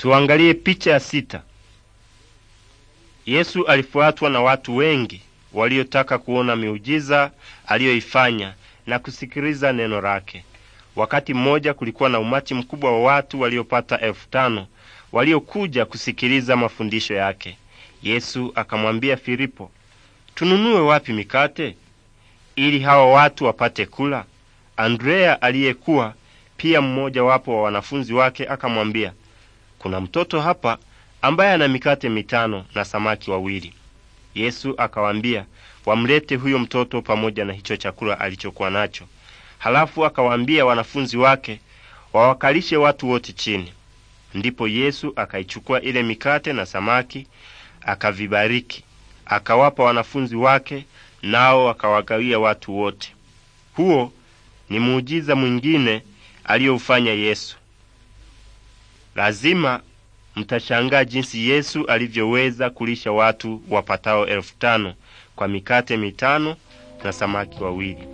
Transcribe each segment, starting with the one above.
Tuangalie picha ya sita. Yesu alifuatwa na watu wengi waliotaka kuona miujiza aliyoifanya na kusikiliza neno lake. Wakati mmoja kulikuwa na umati mkubwa wa watu waliopata elfu tano waliokuja kusikiliza mafundisho yake. Yesu akamwambia Filipo, tununue wapi mikate ili hawa watu wapate kula? Andrea aliyekuwa pia mmoja wapo wa wanafunzi wake akamwambia kuna mtoto hapa ambaye ana mikate mitano na samaki wawili. Yesu akawaambia wamlete huyo mtoto pamoja na hicho chakula alichokuwa nacho. Halafu akawaambia wanafunzi wake wawakalishe watu wote chini. Ndipo Yesu akaichukua ile mikate na samaki, akavibariki, akawapa wanafunzi wake, nao akawagawia watu wote. Huo ni muujiza mwingine aliyoufanya Yesu. Lazima mtashangaa jinsi Yesu alivyoweza kulisha watu wapatao elfu tano kwa mikate mitano na samaki wawili.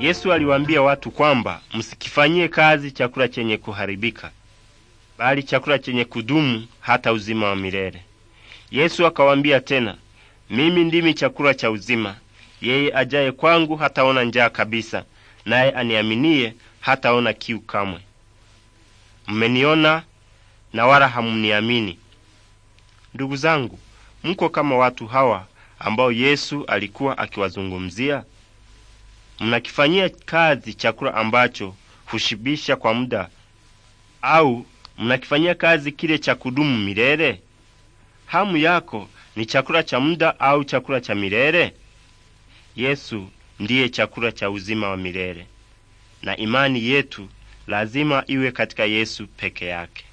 Yesu aliwaambia watu kwamba msikifanyie kazi chakula chenye kuharibika, bali chakula chenye kudumu hata uzima wa milele. Yesu akawaambia tena, mimi ndimi chakula cha uzima. Yeye ajaye kwangu hataona njaa kabisa, naye aniaminiye hataona kiu kamwe. Mmeniona na wala hamuniamini. Ndugu zangu, mko kama watu hawa ambao Yesu alikuwa akiwazungumzia. Mnakifanyia kazi chakula ambacho hushibisha kwa muda, au mnakifanyia kazi kile cha kudumu milele? Hamu yako ni chakula cha muda au chakula cha milele? Yesu ndiye chakula cha uzima wa milele, na imani yetu lazima iwe katika Yesu peke yake.